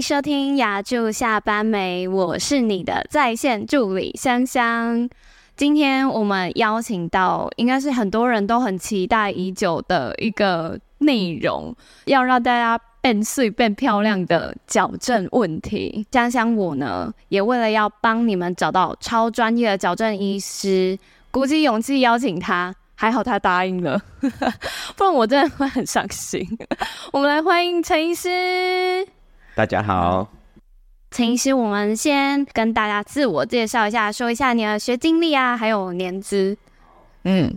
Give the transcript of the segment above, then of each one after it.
收聽牙助下班沒？我是你的在線助理香香。今天我們邀請到，應該是很多人都很期待已久的一個內容，要讓大家變水變漂亮的矯正問題。香香，我呢也為了要幫你們找到超專業的矯正醫師，鼓起勇氣邀請他，還好他答應了， 不然我真的會很傷心。 我們來歡迎陳醫師。大家好，陳醫師，我們先跟大家自我介紹一下，說一下你的學經歷啊，還有年資。嗯，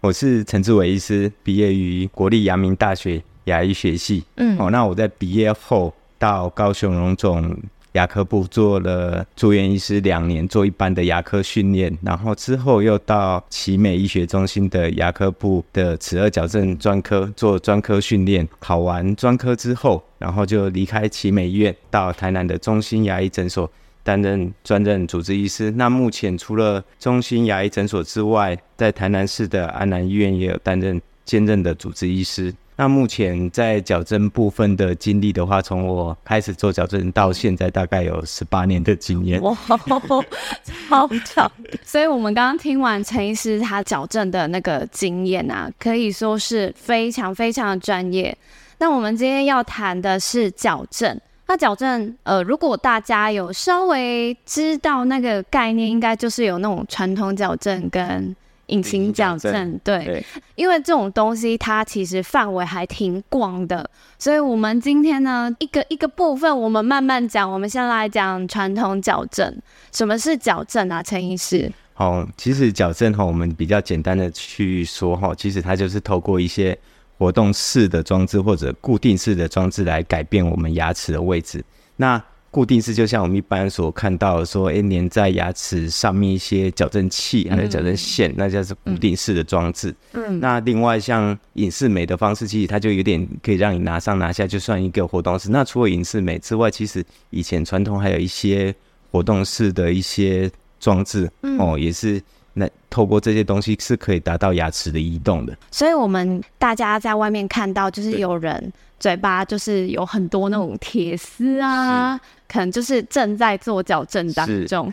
我是陳志偉醫師，畢業於國立陽明大學牙醫學系。嗯，哦，那我在畢業後到高雄榮總。牙科部做了住院醫師兩年，做一般的牙科訓練，然後之後又到奇美醫學中心的牙科部的齒顎矯正專科做專科訓練。考完專科之後，然後就離開奇美醫院，到台南的中心牙醫診所擔任專任主治醫師。那目前除了中心牙醫診所之外，在台南市的安南醫院也有擔任兼任的主治醫師。那目前在矯正部分的經歷的話，從我開始做矯正到現在，大概有十八年的經驗。哇，超長！ 所以，我們剛剛聽完陳醫師他矯正的那個經驗啊，可以說是非常非常的專業。那我們今天要談的是矯正。那矯正，呃，如果大家有稍微知道那個概念，應該就是有那種傳統矯正跟隱形矯正，對，因為這種東西它其實範圍還挺廣的，所以我們今天呢，一個一個部分我們慢慢講，我們先來講傳統矯正。什麼是矯正啊？陳醫師？好，其實矯正哈，我們比較簡單的去說哈，其實它就是透過一些活動式的裝置，或者固定式的裝置來改變我們牙齒的位置。那固定式就像我們一般所看到的說，說、欸、哎，粘在牙齒上面一些矯正器、還有矯正線、嗯，那就是固定式的裝置嗯。嗯，那另外像隱適美的方式，其實它就有點可以讓你拿上拿下，就算一個活動式。那除了隱適美之外，其實以前傳統還有一些活動式的一些裝置、嗯，哦，也是。那透過這些東西是可以達到牙齒的移動的，所以我們大家在外面看到，就是有人嘴巴就是有很多那種鐵絲啊，可能就是正在做矯正當中。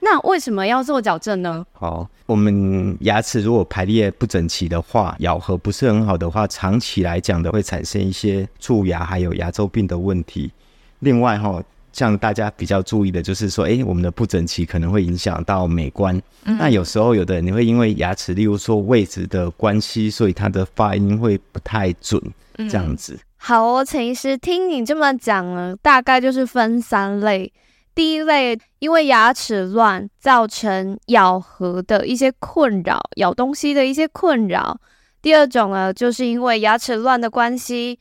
那為什麼要做矯正呢？好，我們牙齒如果排列不整齊的話，咬合不是很好的話，長期來講的會產生一些蛀牙，還有牙周病的問題。另外哈。像大家比較注意的就是說，誒、欸，我們的不整齊可能會影響到美觀。那、嗯、有時候有的人你會因為牙齒，例如說位置的關係，所以它的發音會不太準，這樣子。嗯、好哦，陳醫師，聽你這麼講呢，大概就是分三類。第一類因為牙齒亂造成咬合的一些困擾，咬東西的一些困擾。第二種呢，就是因為牙齒亂的關係。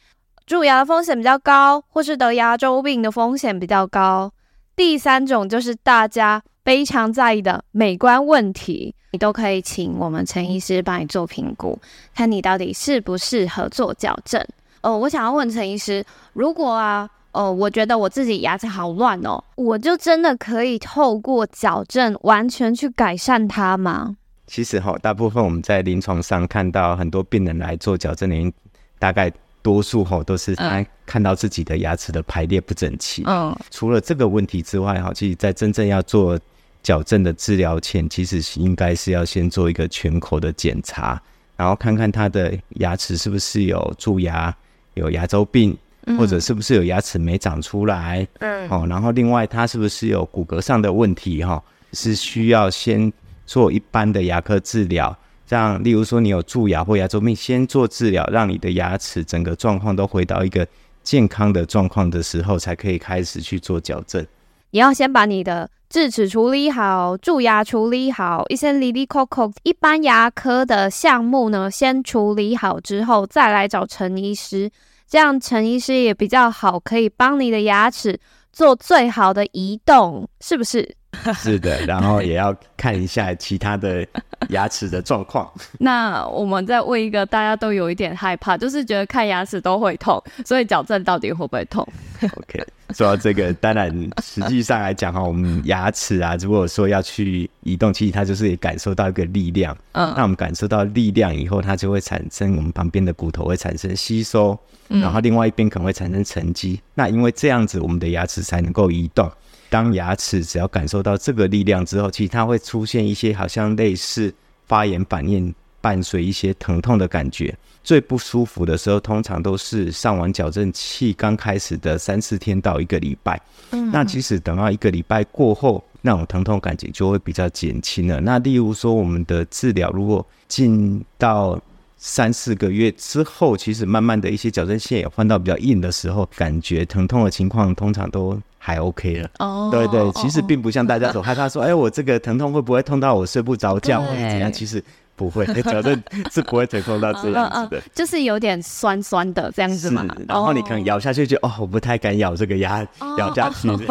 蛀牙的風險比較高，或是得牙周病的風險比較高。第三種就是大家非常在意的美觀問題，你都可以請我們陳醫師幫你做評估，看你到底適不適合做矯正。哦，我想要問陳醫師，如果啊，哦，我覺得我自己牙齒好亂哦，我就真的可以透過矯正完全去改善它嗎？其實哈、哦，大部分我們在臨床上看到很多病人來做矯正，已經大概。多數哈、哦、都是他看到自己的牙齒的排列不整齊。Oh. 除了這個問題之外哈，其實，在真正要做矯正的治療前，其實應該是要先做一個全口的檢查，然後看看他的牙齒是不是有蛀牙、有牙周病，或者是不是有牙齒沒長出來。嗯、mm. 哦，然後另外他是不是有骨骼上的問題哈、哦，是需要先做一般的牙科治療。像例如說你有蛀牙、或牙周病，先做治療，讓你的牙齒整個狀況都回到一個健康的狀況的時候，才可以開始去做矯正。你要先把你的智齒處理好，蛀牙處理好，一些哩哩摳摳，一般牙科的項目呢，先處理好之後再來找陳醫師，這樣陳醫師也比較好，可以幫你的牙齒做最好的移動，是不是？是的，然後也要看一下其他的牙齒的狀況。 那我們再問一個，大家都有一點害怕，就是覺得看牙齒都會痛，所以矯正到底會不會痛 ？OK，說到這個，當然實際上來講哈，我們牙齒啊，如果說要去移動，其實它就是也感受到一個力量。嗯，那我們感受到力量以後，它就會產生我們旁邊的骨頭會產生吸收，然後另外一邊可能會產生沉積，嗯。那因為這樣子，我們的牙齒才能夠移動。當牙齒只要感受到這個力量之後，其實它會出現一些好像類似發炎反應，伴隨一些疼痛的感覺。最不舒服的時候，通常都是上完矯正器剛開始的三四天到一個禮拜。嗯，那其實等到一個禮拜過後，那種疼痛感覺就會比較減輕了。那例如說，我們的治療如果進到三四個月之後，其實慢慢的一些矯正線也換到比較硬的時候，感覺疼痛的情況通常都還 OK 了。哦，對對,對，其實並不像大家所害怕說，哎，我這個疼痛會不會痛到我睡不着覺， 或者怎樣？其實。不會矯正是不會疼痛到這樣子的、 嗯嗯嗯，就是有點酸酸的這樣子嘛。然後你可能咬下去就哦，哦，我不太敢咬這個牙，哦、咬下去哦，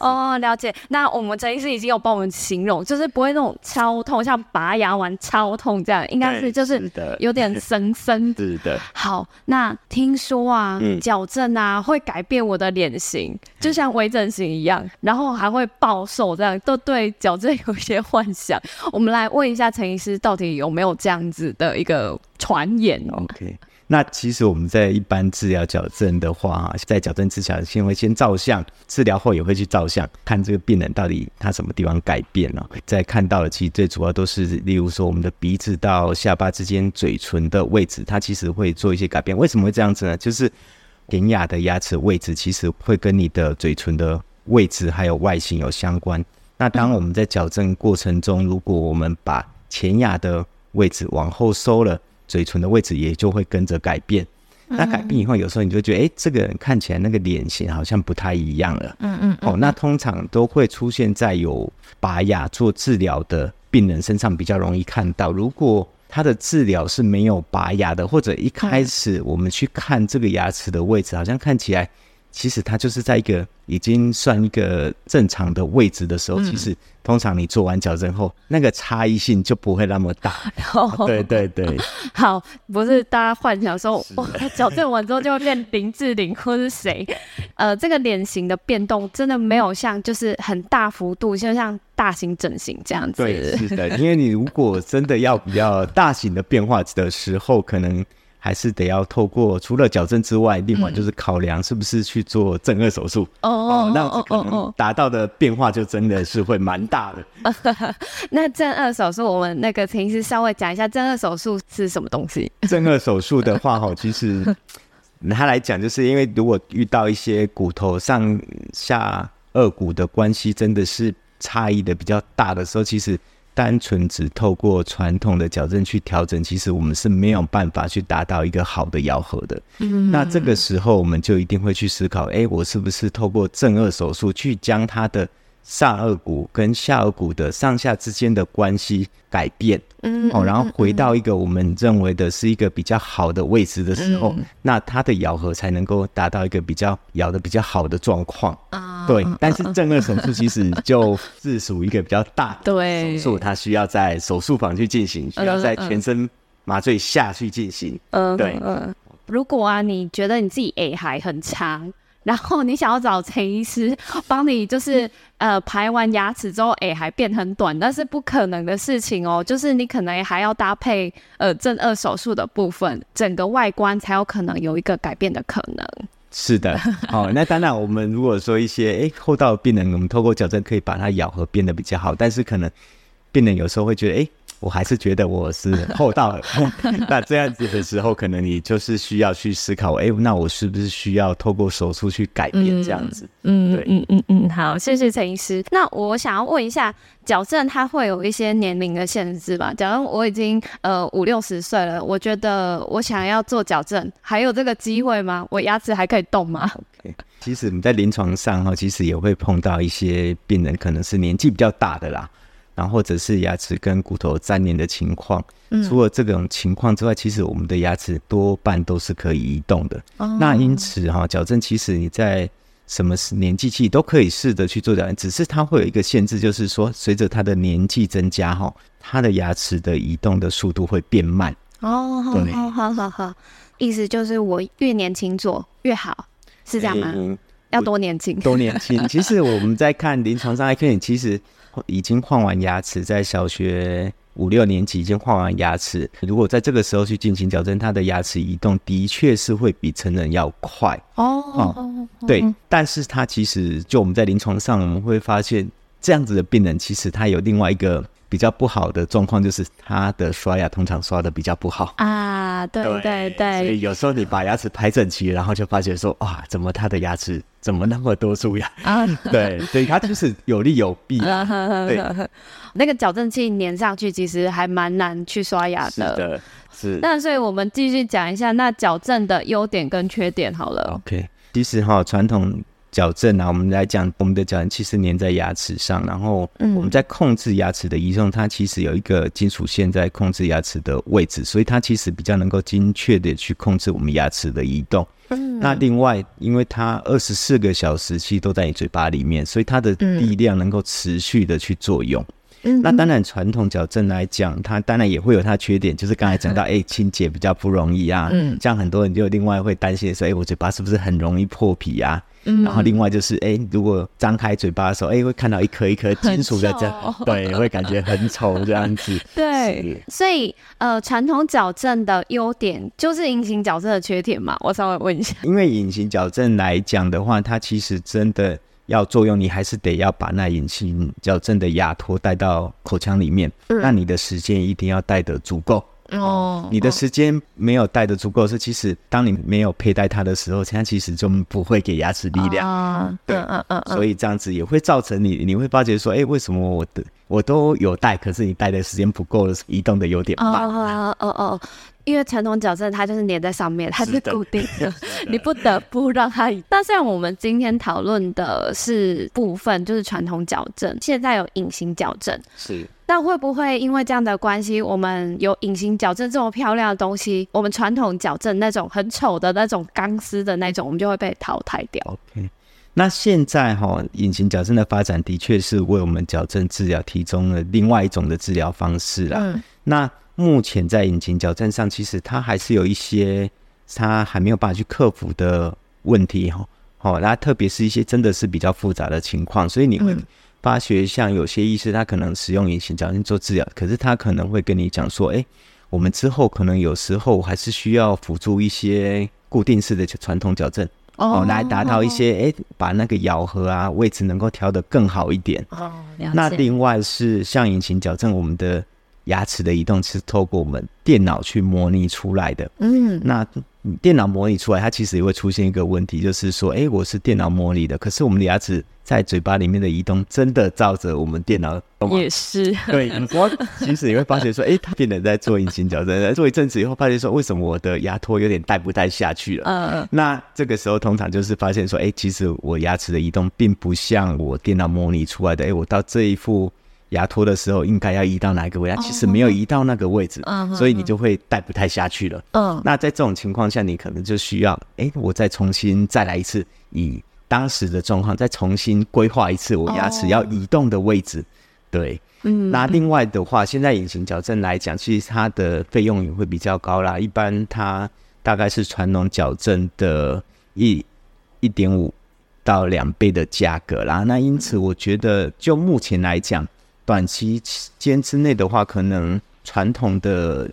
哦，哦。了解，那我們陳醫師已經有幫我們形容，就是不會那種超痛，像拔牙完超痛這樣，應該是就是有點酸酸的、嗯、的。好，那聽說啊，矯正啊、嗯、會改變我的臉型，就像微整形一樣，嗯、然後還會暴瘦這樣，都對矯正有一些幻想。我們來問一下陳醫師，到底有沒有？沒有這樣子的一個傳言哦。OK，那其實我們在一般治療矯正的話、啊，在矯正之前先會先照相，治療後也會去照相，看這個病人到底他什麼地方改變了、啊。在看到的，其實最主要都是，例如說我們的鼻子到下巴之間、嘴唇的位置，它其實會做一些改變。為什麼會這樣子呢？就是前牙的牙齒位置其實會跟你的嘴唇的位置還有外形有相關。那當我們在矯正過程中，如果我們把前牙的位置往後收了，嘴唇的位置也就會跟着改變、嗯。那改變以後，有時候你就覺得，哎、欸，這個人看起來那個臉型好像不太一樣了。嗯嗯，嗯，哦，那通常都會出現在有拔牙做治療的病人身上比較容易看到。如果他的治療是沒有拔牙的，或者一開始我們去看這個牙齒的位置、嗯，好像看起來。其實它就是在一個已經算一個正常的位置的時候，嗯、其實通常你做完矯正後，那個差異性就不會那麼大。哦、哎，啊、對對對。好，不是大家幻想說，哇，他矯正完之後就會變林志玲或是誰， 呃，這個臉型的變動真的沒有像就是很大幅度，就像大型整形這樣子。對，是的，因為你如果真的要比較大型的變化的時候， 可能。還是得要透過，除了矯正之外，另外就是考量，是不是去做正頜手術哦哦，那哦能達到的變化就真的是會蠻大的。 那正顎手術，我們那個陳醫師稍微講一下正顎手術是什麼東西？ 正顎手術的話，哈，其實他來講，就是因為如果遇到一些骨頭上下顎骨的關係真的是差異的比較大的時候，其實。單純只透過傳統的矯正去調整，其實我們是沒有辦法去達到一個好的咬合的。Mm -hmm. 那這個時候，我們就一定會去思考，哎，我是不是透過正顎手術去將它的？上顎骨跟下顎骨的上下之間的關係改變，嗯，嗯，嗯嗯嗯、然後回到一個我們認為的是一個比較好的位置的時候，嗯嗯那它的咬合才能夠達到一個比較咬得比較好的狀況。啊、嗯嗯嗯，對、嗯嗯。但是正顎手術其實就是屬於一個比較大對，手術，它、啊嗯嗯嗯、需要在手術房去進行，嗯嗯嗯嗯需要在全身麻醉下去進行。嗯，嗯，嗯，對、嗯嗯嗯嗯嗯嗯。如果啊，你覺得你自己誒還很長。嗯然後你想要找陳醫師幫你，就是呃排完牙齒之後，哎、欸、還變很短，那是不可能的事情哦。就是你可能還要搭配呃正顎手術的部分，整個外觀才有可能有一個改變的可能。是的，好、哦，那當然我們如果說一些哎戽、 欸、斗病人，我們透過矯正可以把它咬合變得比較好，但是可能病人有時候會覺得哎。欸我還是覺得我是厚道的，那 這樣子的時候，可能你就是需要去思考，哎、欸，那我是不是需要透過手術去改變這樣子？嗯，對，嗯嗯嗯，好，謝謝陳醫師。那我想要問一下，矯正它會有一些年齡的限制吧？假如我已經呃五六十歲了，我覺得我想要做矯正，還有這個機會嗎？我牙齒還可以動嗎？其實你在臨床上哈，其實也會碰到一些病人，可能是年紀比較大的啦。然後或者是牙齒跟骨頭粘連的情況、嗯，除了這種情況之外，其實我們的牙齒多半都是可以移動的。哦、那因此哈、啊，矯正其實你在什麼年紀期都可以試着去做矯正，只是它會有一個限制，就是說隨着它的年紀增加哈、哦，它的牙齒的移動的速度會變慢。哦，好、哦、好好好，意思就是我越年輕做越好，是這樣嗎？哎嗯、要多年輕？多年輕？其實我們在看臨床上還可以，其實。已經換完牙齒，在小學五六年級已經換完牙齒。如果在這個時候去進行矯正，他的牙齒移動的確是會比成人要快哦、oh, 嗯嗯。對，但是他其實就我們在臨床上，我們會發現這樣子的病人，其實他有另外一個。比較不好的狀況就是他的刷牙通常刷的比較不好啊，對對對，對，所以有時候你把牙齒排整齊，然後就發現說，哇，怎麼他的牙齒怎麼那麼多蛀牙啊？對，所以他就是有利有弊、啊啊啊、對，那個矯正器粘上去其實還蠻難去刷牙的，的，是。那所以我們繼續講一下那矯正的優點跟缺點好了。OK，其實哈，傳統。矯正啊，我們來講，我們的矯正其實粘在牙齒上，然後我們在控制牙齒的移動，它其實有一個金屬線在控制牙齒的位置，所以它其實比較能夠精確的去控制我們牙齒的移動。那另外，因為它二十四個小時其實都在你嘴巴裡面，所以它的力量能夠持續的去作用。 那當然，傳統矯正來講，它當然也會有它的缺點，就是剛才講到，哎、欸，清潔比較不容易啊。嗯。 這樣很多人就另外會擔心說，哎、欸，我嘴巴是不是很容易破皮啊？嗯。 然後另外就是，哎、欸，如果張開嘴巴的時候，哎、欸，會看到一顆一顆金屬在這，對，會感覺很醜這樣子。 對。所以，呃，傳統矯正的優點就是隱形矯正的缺點嘛？我稍微問一下。因為隱形矯正來講的話，它其實真的。要作用，你還是得要把那隱形矯正的牙托帶到口腔裡面，那你的時間一定要帶得足夠。哦，你的時間沒有戴的足夠，是其實當你沒有佩戴它的時候，它其實就不會給牙齒力量、哦。對，嗯嗯嗯，所以這樣子也會造成你，你會發覺說，哎、欸，為什麼我的我都有戴，可是你戴的時間不夠，移動的有點慢。哦哦哦，因為傳統矯正它就是粘在上面，它是固定的，的你不得不讓它移動。是 但雖然我們今天討論的是部分，就是傳統矯正，現在有隱形矯正，是。那會不會因為這樣的關係，我們有隱形矯正這麼漂亮的東西，我們傳統矯正那種很醜的那種鋼絲的那種，我們就會被淘汰掉？Okay. 那現在哈、喔，隱形矯正的發展的確是為我們矯正治療提供了另外一種的治療方式啦、嗯。那目前在隱形矯正上，其實它還是有一些它還沒有辦法去克服的問題哈、喔。好、喔，那特別是一些真的是比較複雜的情況，所以你會、嗯。發覺像有些醫師，他可能使用隱形矯正做治療，可是他可能會跟你講說，哎、欸，我們之後可能有時候還是需要輔助一些固定式的傳統矯正，oh, 哦，來達到一些，哎、oh. 欸，把那個咬合啊位置能夠調得更好一點。哦、oh.，那另外是像隱形矯正，我們的牙齒的移動是透過我們電腦去模擬出來的。嗯、oh.，那。電腦模擬出來，它其實也會出現一個問題，就是說，哎，我是電腦模擬的，可是我們的牙齒在嘴巴裡面的移動，真的照着我們電腦動嗎？也是。對，其實你會發現說，哎， 病人在做隱形矯正，做一陣子以後，發現說，為什麼我的牙托有點帶不帶下去了？嗯嗯。那這個時候，通常就是發現說，哎，其實我牙齒的移動，並不像我電腦模擬出來的。哎，我到這一副。牙托的時候應該要移到哪一個位置？Oh, 其實沒有移到那個位置，oh, 所以你就會帶不太下去了。Oh, 那在這種情況下，你可能就需要，哎、欸，我再重新再來一次，以當時的狀況再重新規劃一次我牙齒要移動的位置。Oh. 對，嗯。那另外的話，現在隱形矯正來講，其實它的費用也會比較高啦，一般它大概是傳統矯正的一一點五到兩倍的價格啦。那因此，我覺得就目前來講，短期間之內的話，可能傳統的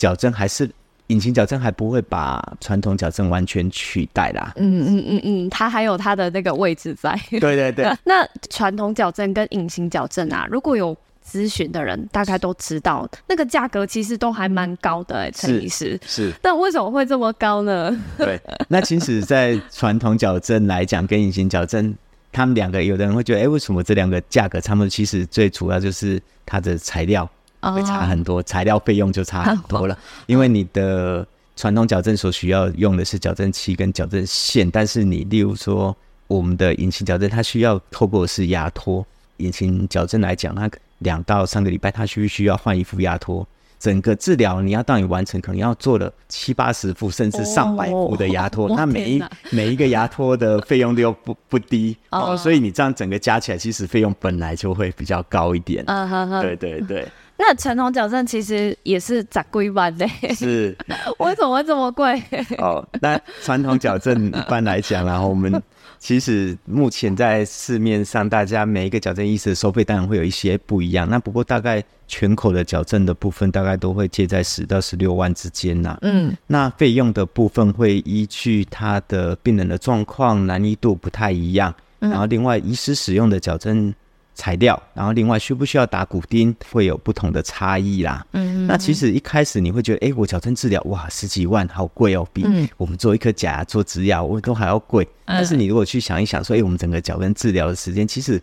矯正還是隱形矯正還不會把傳統矯正完全取代啦。嗯嗯嗯嗯，它還有它的那個位置在。對對對。 那傳統矯正跟隱形矯正啊，如果有諮詢的人，大概都知道，那個價格其實都還蠻高的，欸，陳醫師。是。但為什麼會這麼高呢？ 對。那其實，在傳統矯正來講，跟隱形矯正。他們兩個，有的人會覺得，哎、欸，為什麼這兩個價格差不多？他們其實最主要就是它的材料會差很多，Oh. 材料費用就差很多了。Oh. 因為你的傳統矯正所需要用的是矯正器跟矯正線，但是你例如說我們的隱形矯正，它需要透過的是牙托。隱形矯正來講，那兩到三個禮拜，它需不需要換一副牙托？整個治療你要當你完成，可能要做了七八十副甚至上百副的牙托，oh, 那每一每一個牙托的費用都又不不低、oh. 哦，所以你這樣整個加起來，其實費用本來就會比較高一點。嗯哼哼，對對對。那傳統矯正其實也是十幾萬耶，是， 我為什麼會這麼貴？ 哦，那傳統矯正一般來講、啊，然後我們。其實目前在市面上，大家每一個矯正醫師的收費當然會有一些不一樣。那不過大概全口的矯正的部分，大概都會介在十到十六萬之間吶、啊。嗯，那費用的部分會依據他的病人的狀況難易度不太一樣。然後另外醫師使用的矯正。材料，然後另外需不需要打骨釘，會有不同的差異啦。嗯，那其實一開始你會覺得，哎，我矯正治療哇，十幾萬，好貴哦，比我們做一顆假牙、做植牙我都還要貴、嗯。但是你如果去想一想，說，哎，我們整個矯正治療的時間，其實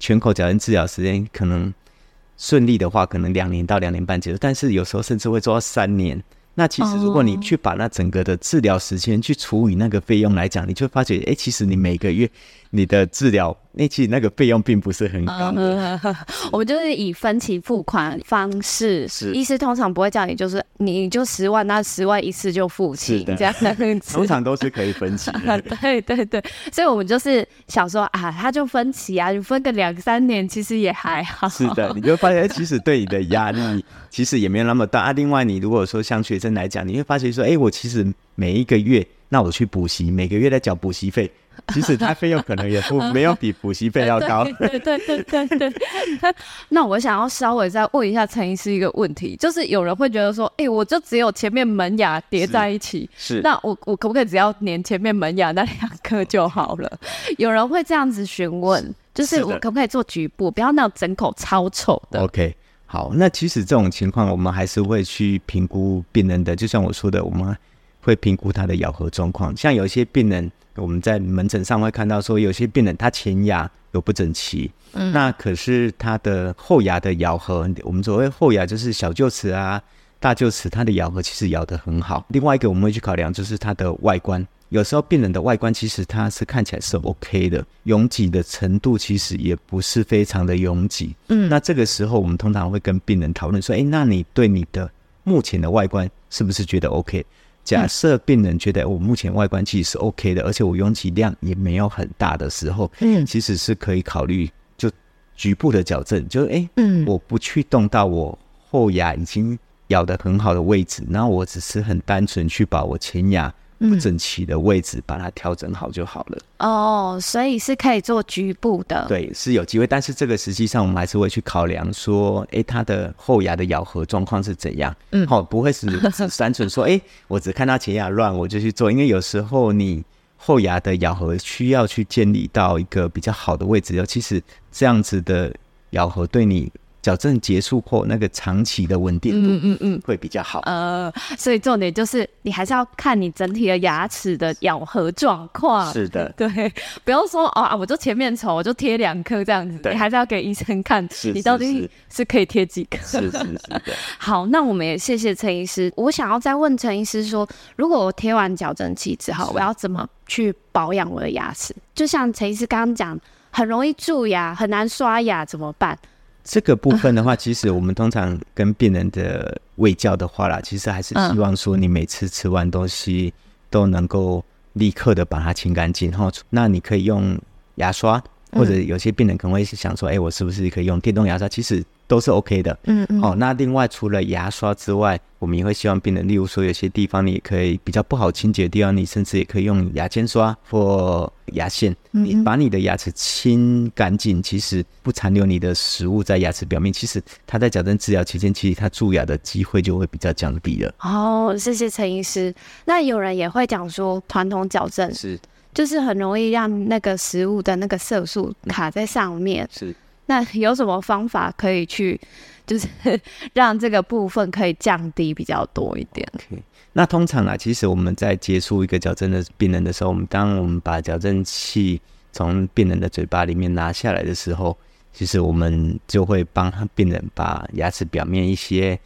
全口矯正治療時間可能順利的話，可能兩年到兩年半結束，但是有時候甚至會做到三年。那其實如果你去把那整個的治療時間去除以那個費用來講，哦、你就會發覺，哎，其實你每個月。你的治療，那其實那個費用並不是很高的、uh -huh. 是，我們就是以分期付款方式，是醫師通常不會叫你，就是你就十萬那十萬一次就付清，這樣通常都是可以分期的、那個，uh -huh. 對對對，所以我們就是想說啊，他就分期啊，你分個兩三年其實也還好，是的，你就發現其實對你的壓力其實也沒有那麼大 啊。另外，你如果說像學生來講，你會發現說，哎、欸，我其實每一個月那我去補習，每個月在繳補習費。其實他費用可能也不沒有比補習費要高。 對對對對對，對。 那我想要稍微再問一下陳醫師一個問題，就是有人會覺得說，哎、欸，我就只有前面門牙疊在一起，是，是那我我可不可以只要粘前面門牙那兩顆就好了？ 有人會這樣子詢問，就是我可不可以做局部，不要那種整口超醜的，的？OK，好，那其實這種情況我們還是會去評估病人的，就像我說的，我們會評估他的咬合狀況，像有一些病人。我們在門診上會看到，說有些病人他前牙有不整齊，嗯，那可是他的後牙的咬合，我們所謂後牙就是小臼齒啊、大臼齒，它的咬合其實咬得很好。另外一個我們會去考量，就是它的外觀，有時候病人的外觀其實他是看起來是 OK 的，擁擠的程度其實也不是非常的擁擠，嗯，那這個時候我們通常會跟病人討論說，哎，那你對你的目前的外觀是不是覺得 OK？假設病人覺得我目前外觀其實是 OK 的，而且我擁擠量也沒有很大的時候，嗯，其實是可以考慮就局部的矯正，就是嗯、欸，我不去動到我後牙已經咬得很好的位置，那我只是很單純去把我前牙。不整齊的位置，嗯、把它調整好就好了。哦，所以是可以做局部的。對，是有機會，但是這個實際上我們還是會去考量說，哎、欸，他的後牙的咬合狀況是怎樣？嗯，好， 不會是單純說，哎、欸，我只看到前牙亂，我就去做，因為有時候你後牙的咬合需要去建立到一個比較好的位置。尤其是這樣子的咬合對你。矯正結束後，那個長期的穩定度，嗯嗯嗯，會比較好，嗯嗯嗯。呃，所以重點就是你還是要看你整體的牙齒的咬合狀況。是的，對，不要說、哦、啊，我就前面醜，我就貼兩顆這樣子。對，你還是要給醫生看，你到底是可以貼幾顆。是是是，是， 是，是，是，是的。好，那我們也謝謝陳醫師。我想要再問陳醫師說，如果我貼完矯正器之後，我要怎麼去保養我的牙齒，嗯？就像陳醫師剛剛講，很容易蛀牙，啊，很難刷牙，怎麼辦？這個部分的話，其實我們通常跟病人的衛教的話啦，其實還是希望說，你每次吃完東西都能夠立刻的把它清乾淨哈。然後那你可以用牙刷，或者有些病人可能會是想說，哎，我是不是可以用電動牙刷？其實。都是 OK 的，嗯嗯，好、哦，那另外除了牙刷之外，我們也會希望病人，例如說有些地方你也可以比較不好清潔的地方，你甚至也可以用牙間刷或牙線，嗯嗯，你把你的牙齒清乾淨，其實不殘留你的食物在牙齒表面，其實它在矯正治療期間，其實它蛀牙的機會就會比較降低了。哦，謝謝陳醫師。那有人也會講說，傳統矯正是就是很容易讓那個食物的那個色素卡在上面，嗯、是。那有什麼方法可以去，就是讓這個部分可以降低比較多一點？Okay, 那通常啊，其實我們在結束一個矯正的病人的時候，我們當我們把矯正器從病人的嘴巴裡面拿下來的時候，其實我們就會幫他病人把牙齒表面一些。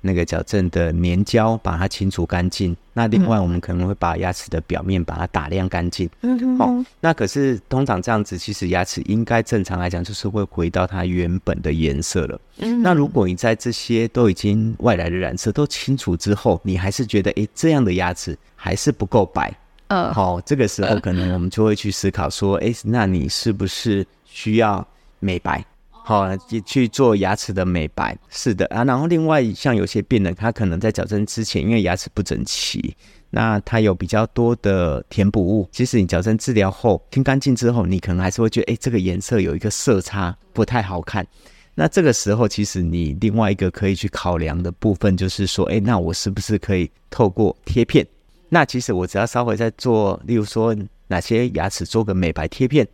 那個矯正的粘膠把它清除乾淨。那另外，我們可能會把牙齒的表面把它打亮乾淨。嗯。好，那可是通常這樣子，其實牙齒應該正常來講就是會回到它原本的顏色了。嗯。那如果你在這些都已經外來的染色都清除之後，你還是覺得哎、欸、這樣的牙齒還是不夠白。嗯。好，這個時候可能我們就會去思考說，哎、欸，那你是不是需要美白？好，去去做牙齒的美白，是的啊。然後另外像有些病人，他可能在矯正之前，因為牙齒不整齊，那他有比較多的填補物。其實你矯正治療後清乾淨之後，你可能還是會覺得，誒，這個顏色有一個色差，不太好看。那這個時候，其實你另外一個可以去考量的部分就是說，誒，那我是不是可以透過貼片？那其實我只要稍微再做，例如說哪些牙齒做個美白貼片。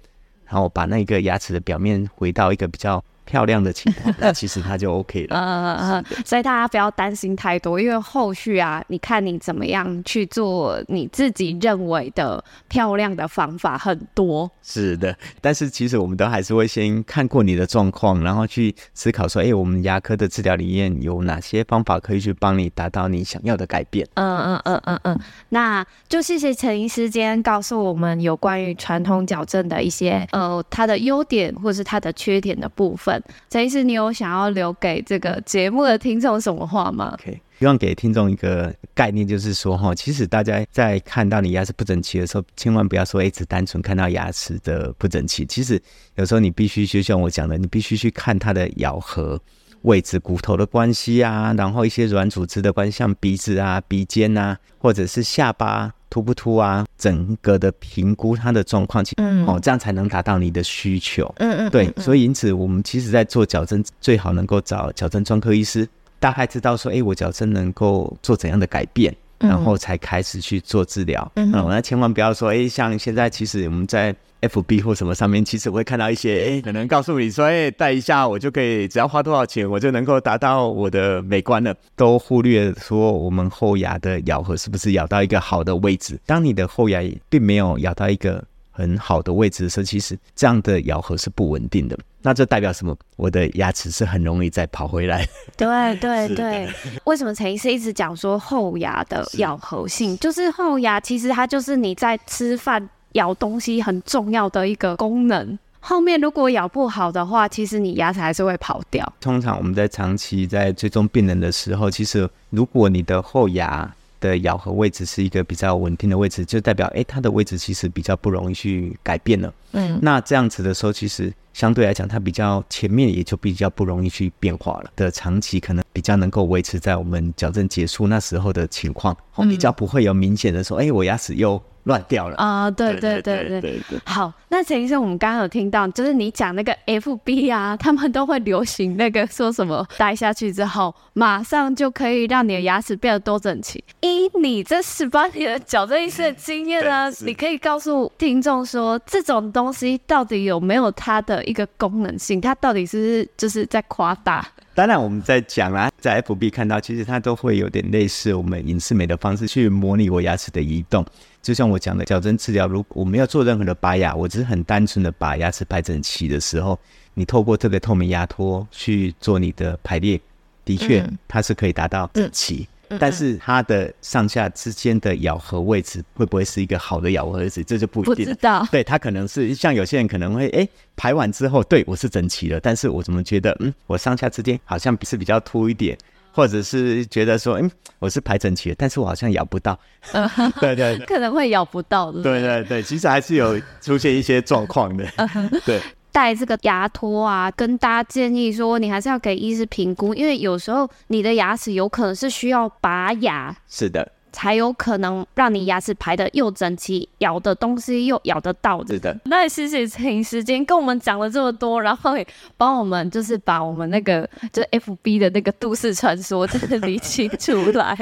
然後我把那一個牙齒的表面回到一個比較。漂亮的情況，那其實他就 OK 了。 嗯嗯嗯，所以大家不要擔心太多，因為後續啊，你看你怎麼樣去做你自己認為的漂亮的方法很多。是的，但是其實我們都還是會先看過你的狀況，然後去思考說，哎、欸，我們牙科的治療理念有哪些方法可以去幫你達到你想要的改變？嗯嗯嗯嗯嗯，嗯嗯嗯 那就謝謝陳醫師，今天告訴我們有關於傳統矯正的一些，呃，它的優點或是它的缺點的部分。陳醫師，你有想要留給這個節目的聽眾什麼話嗎？OK，希望給聽眾一個概念，就是說哈，其實大家在看到你牙齒不整齊的時候，千萬不要說一直單純看到牙齒的不整齊，其實有時候你必須就像我講的，你必須去看它的咬合。位置、骨頭的關係啊，然後一些軟組織的關係，像鼻子啊、鼻尖啊，或者是下巴凸不凸啊，整個的評估它的狀況，嗯，哦，這樣才能達到你的需求，嗯嗯，嗯嗯，對，所以因此我們其實在做矯正，最好能夠找矯正專科醫師，大概知道說，哎，我矯正能夠做怎樣的改變。然後才開始去做治療，嗯、啊，那千萬不要說，哎，像現在其實我們在 FB 或什麼上面，其實會看到一些，哎，可能告訴你說，哎，戴一下我就可以，只要花多少錢，我就能夠達到我的美觀了，都忽略說我們後牙的咬合是不是咬到一個好的位置。當你的後牙並沒有咬到一個。很好的位置的時候，其實這樣的咬合是不穩定的。那這代表什麼？我的牙齒是很容易再跑回來。對對對。為什麼陳醫師一直講說後牙的咬合性？就是後牙其實它就是你在吃飯咬東西很重要的一個功能。後面如果咬不好的話，其實你牙齒還是會跑掉。通常我們在長期在追蹤病人的時候，其實如果你的後牙，的咬合位置是一個比較穩定的位置，就代表誒、欸、它的位置其實比較不容易去改變了。嗯，那這樣子的時候，其實相對來講，它比較前面也就比較不容易去變化了。的長期可能比較能夠維持在我們矯正結束那時候的情況，比較不會有明顯的說，誒、欸，我牙齒又。亂掉了啊、呃！對對對對對，對，對，對好，那陳醫生，我們剛剛有聽到，就是你講那個 FB 啊，他們都會流行那個說什麼，戴下去之後馬上就可以讓你的牙齒變得多整齊。依你這十八年的矯正醫生的經驗呢、嗯，你可以告訴聽眾說，這種東西到底有沒有它的一個功能性？它到底是，不是就是在誇大？當然，我們在講啦，在 FB 看到，其實它都會有點類似我們隱適美的方式去模擬我牙齒的移動。就像我講的，矯正治療，如果我沒有做任何的拔牙，我只是很單純的把牙齒排整齊的時候，你透過這個透明牙托去做你的排列，的確它是可以達到整齊，嗯，但是它的上下之間的咬合位置會不會是一個好的咬合位置，這就不一定不知道。對，它可能是像有些人可能會，哎，欸，排完之後對我是整齊了，但是我怎麼覺得，嗯，我上下之間好像是比較突一點。或者是覺得說，嗯，我是排整齊的，但是我好像咬不到，呃、 對，對，對對，可能會咬不到是不是？對對對，其實還是有出現一些狀況的、呃，對，戴這個牙托啊，跟大家建議說，你還是要給醫師評估，因為有時候你的牙齒有可能是需要拔牙，是的。才有可能讓你牙齒排得又整齊，咬的東西又咬得到。是的。那也謝謝，請時間跟我們講了這麼多，然後也幫我們就是把我們那個就是 FB 的那個都市傳說真的，就是，理清出來。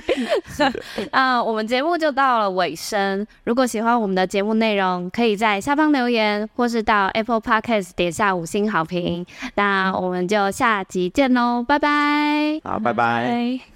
那 是的、 嗯、我們節目就到了尾聲，如果喜歡我們的節目內容，可以在下方留言，或是到 Apple Podcast 點下五星好評。那我們就下集見嘍，拜拜。好，拜拜。拜拜。